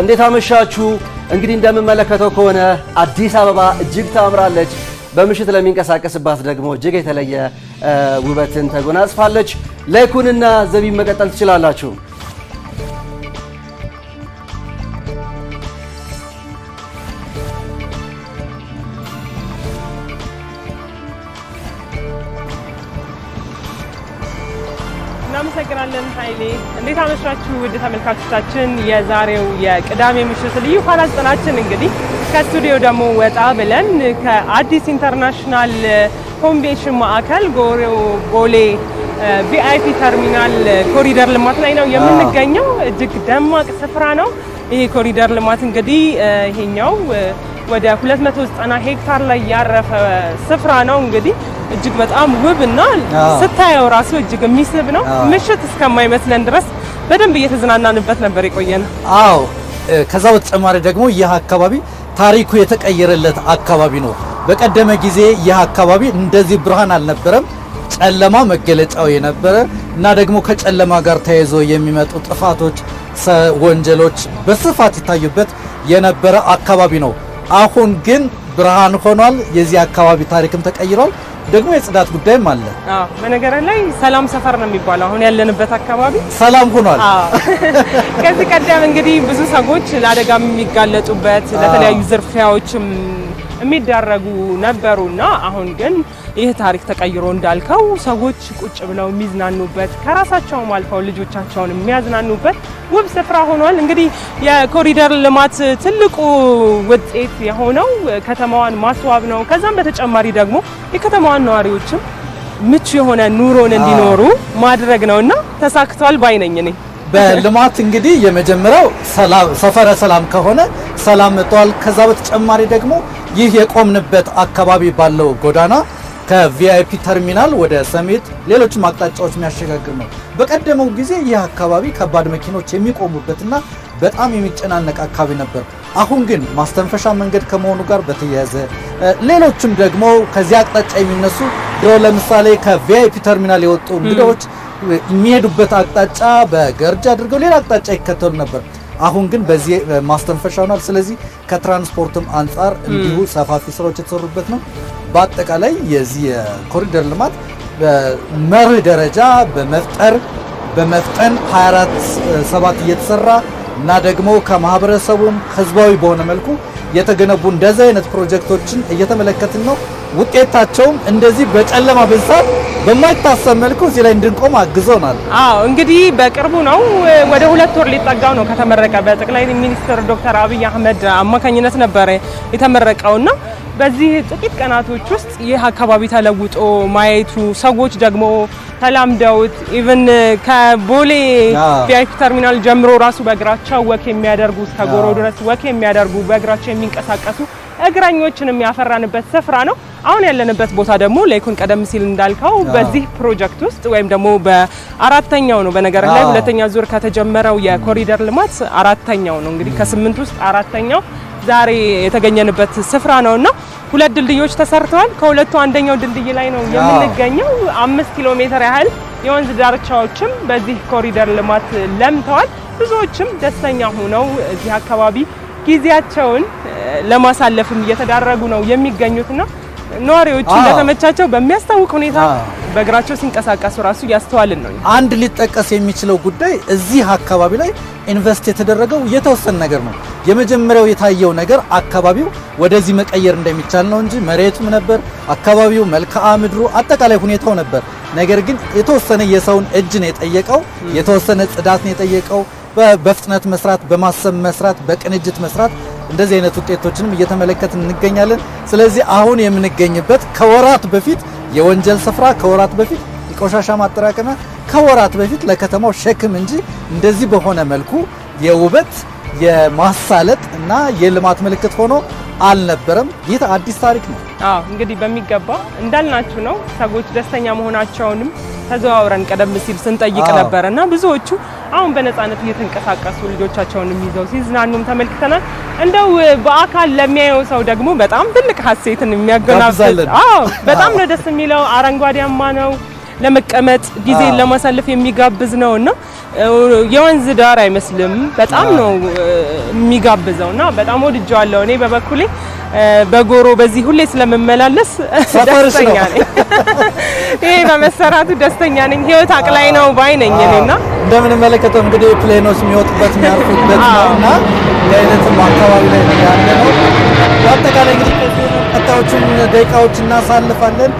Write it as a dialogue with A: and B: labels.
A: እንዴት አመሻችሁ። እንግዲህ እንደምመለከተው ከሆነ አዲስ አበባ እጅግ ታምራለች። በምሽት ለሚንቀሳቀስባት ደግሞ እጅግ የተለየ ውበትን ተጎናጽፋለች። ላይኩንና ዘቢን መቀጠል ትችላላችሁ።
B: እናመሰግናለን ኃይሌ። እንዴት አመሻችሁ ውድ ተመልካቾቻችን። የዛሬው የቅዳሜ ምሽት ልዩ ኋላ እንግዲህ ከስቱዲዮ ደግሞ ወጣ ብለን ከአዲስ ኢንተርናሽናል ኮንቬንሽን ማዕከል ቦሌ ቪአይፒ ተርሚናል ኮሪደር ልማት ላይ ነው የምንገኘው። እጅግ ደማቅ ስፍራ ነው ይሄ ኮሪደር ልማት እንግዲህ ይሄኛው ወደ 290 ሄክታር ላይ ያረፈ ስፍራ ነው እንግዲህ እጅግ በጣም ውብ እና ስታየው ራሱ እጅግ የሚስብ ነው። ምሽት እስከማይመስለን ድረስ በደንብ እየተዝናናንበት ነበር የቆየ
A: አዎ፣ ከዛ በተጨማሪ ደግሞ ይህ አካባቢ ታሪኩ የተቀየረለት አካባቢ ነው። በቀደመ ጊዜ ይህ አካባቢ እንደዚህ ብርሃን አልነበረም። ጨለማ መገለጫው የነበረ እና ደግሞ ከጨለማ ጋር ተያይዞ የሚመጡ ጥፋቶች፣ ወንጀሎች በስፋት ይታዩበት የነበረ አካባቢ ነው። አሁን ግን ብርሃን ሆኗል። የዚህ አካባቢ ታሪክም ተቀይሯል። ደግሞ የጽዳት ጉዳይም አለ።
B: በነገራችን ላይ ሰላም ሰፈር ነው የሚባለው አሁን ያለንበት አካባቢ
A: ሰላም ሆኗል።
B: ከዚህ ቀደም እንግዲህ ብዙ ሰዎች ለአደጋ የሚጋለጡበት ለተለያዩ ዝርፊያዎችም የሚደረጉ ነበሩና አሁን ግን ይህ ታሪክ ተቀይሮ እንዳልከው ሰዎች ቁጭ ብለው የሚዝናኑበት ከራሳቸውም አልፈው ልጆቻቸውን የሚያዝናኑበት ውብ ስፍራ ሆኗል። እንግዲህ የኮሪደር ልማት ትልቁ ውጤት የሆነው ከተማዋን ማስዋብ ነው። ከዛም በተጨማሪ ደግሞ የከተማዋን ነዋሪዎችም ምቹ የሆነ ኑሮን እንዲኖሩ ማድረግ እና ተሳክቷል ባይ ነኝ እኔ።
A: በልማት እንግዲህ የመጀመሪያው ሰፈረ ሰላም ከሆነ ሰላም መጥተዋል። ከዛ በተጨማሪ ደግሞ ይህ የቆምንበት አካባቢ ባለው ጎዳና ከቪአይፒ ተርሚናል ወደ ሰሜት ሌሎችም አቅጣጫዎች የሚያሸጋግር ነው። በቀደመው ጊዜ ይህ አካባቢ ከባድ መኪኖች የሚቆሙበትና በጣም የሚጨናነቅ አካባቢ ነበር። አሁን ግን ማስተንፈሻ መንገድ ከመሆኑ ጋር በተያያዘ ሌሎችም ደግሞ ከዚህ አቅጣጫ የሚነሱ ድሮ ለምሳሌ ከቪአይፒ ተርሚናል የወጡ እንግዳዎች የሚሄዱበት አቅጣጫ በገርጅ አድርገው ሌላ አቅጣጫ ይከተሉ ነበር። አሁን ግን በዚህ ማስተንፈሻ ሆኗል። ስለዚህ ከትራንስፖርትም አንጻር እንዲሁ ሰፋፊ ስራዎች የተሰሩበት ነው። በአጠቃላይ የዚህ የኮሪደር ልማት በመርህ ደረጃ በመፍጠር በመፍጠን 24 ሰባት እየተሰራ እና ደግሞ ከማህበረሰቡም ህዝባዊ በሆነ መልኩ የተገነቡ እንደዚህ አይነት ፕሮጀክቶችን እየተመለከትን ነው። ውጤታቸውም እንደዚህ በጨለማ በዛት በማይታሰብ መልኩ እዚህ ላይ እንድንቆም አግዞናል።
B: አዎ እንግዲህ በቅርቡ ነው ወደ ሁለት ወር ሊጠጋው ነው ከተመረቀ በጠቅላይ ሚኒስትር ዶክተር አብይ አህመድ አማካኝነት ነበረ የተመረቀውና በዚህ ጥቂት ቀናቶች ውስጥ ይህ አካባቢ ተለውጦ ማየቱ ሰዎች ደግሞ ተላምደውት ኢቨን ከቦሌ ቪአይፒ ተርሚናል ጀምሮ ራሱ በእግራቸው ወክ የሚያደርጉ እስከ ጎሮ ድረስ ወክ የሚያደርጉ በእግራቸው የሚንቀሳቀሱ እግረኞችን የሚያፈራንበት ስፍራ ነው። አሁን ያለንበት ቦታ ደግሞ ለይኩን ቀደም ሲል እንዳልከው በዚህ ፕሮጀክት ውስጥ ወይም ደግሞ በአራተኛው ነው። በነገር ላይ ሁለተኛ ዙር ከተጀመረው የኮሪደር ልማት አራተኛው ነው። እንግዲህ ከስምንት ውስጥ አራተኛው ዛሬ የተገኘንበት ስፍራ ነውና ሁለት ድልድዮች ተሰርተዋል። ከሁለቱ አንደኛው ድልድይ ላይ ነው የምንገኘው። አምስት ኪሎ ሜትር ያህል የወንዝ ዳርቻዎችም በዚህ ኮሪደር ልማት ለምተዋል። ብዙዎችም ደስተኛ ሆነው እዚህ አካባቢ ጊዜያቸውን ለማሳለፍም እየተዳረጉ ነው የሚገኙትና ነዋሪዎቹ እንደተመቻቸው በሚያስታውቅ ሁኔታ በእግራቸው ሲንቀሳቀሱ ራሱ እያስተዋልን ነው።
A: አንድ ሊጠቀስ የሚችለው ጉዳይ እዚህ አካባቢ ላይ ኢንቨስት የተደረገው የተወሰነ ነገር ነው። የመጀመሪያው የታየው ነገር አካባቢው ወደዚህ መቀየር እንደሚቻል ነው እንጂ መሬቱም ነበር፣ አካባቢው፣ መልክዓ ምድሩ፣ አጠቃላይ ሁኔታው ነበር። ነገር ግን የተወሰነ የሰውን እጅ ነው የጠየቀው፣ የተወሰነ ጽዳት ነው የጠየቀው። በፍጥነት መስራት፣ በማሰብ መስራት፣ በቅንጅት መስራት እንደዚህ አይነት ውጤቶችንም እየተመለከት እንገኛለን። ስለዚህ አሁን የምንገኝበት ከወራት በፊት የወንጀል ስፍራ ከወራት በፊት የቆሻሻ ማጠራቀሚያ ከወራት በፊት ለከተማው ሸክም እንጂ እንደዚህ በሆነ መልኩ የውበት የማሳለጥ እና የልማት ምልክት ሆኖ አልነበረም። ይህ አዲስ ታሪክ ነው።
B: አዎ እንግዲህ በሚገባ እንዳልናችሁ ነው። ሰዎች ደስተኛ መሆናቸውንም ተዘዋውረን ቀደም ሲል ስንጠይቅ ነበረ እና ብዙዎቹ አሁን በነፃነት እየተንቀሳቀሱ ልጆቻቸውን ይዘው ሲዝናኑም ተመልክተናል። እንደው በአካል ለሚያየው ሰው ደግሞ በጣም ትልቅ ሀሴትን የሚያገናዝል በጣም ነው ደስ የሚለው። አረንጓዴያማ ነው፣ ለመቀመጥ ጊዜ ለማሳለፍ የሚጋብዝ ነው እና የወንዝ ዳር አይመስልም። በጣም ነው የሚጋብዘው እና በጣም ወድጀዋለሁ እኔ በበኩሌ በጎሮ በዚህ ሁሌ ስለምመላለስ ደስተኛ ነኝ። ይሄ በመሰራቱ ደስተኛ ነኝ። ህይወት አቅላይ ነው ባይ ነኝ እኔና
A: እንደምንመለከተው እንግዲህ ፕሌኖስ የሚወጡበት የሚያርፉበት ነውና የአይነት አካባቢ ላይ ያለ ነው። በአጠቃላይ እንግዲህ ቀጣዮችን ደቂቃዎች እናሳልፋለን።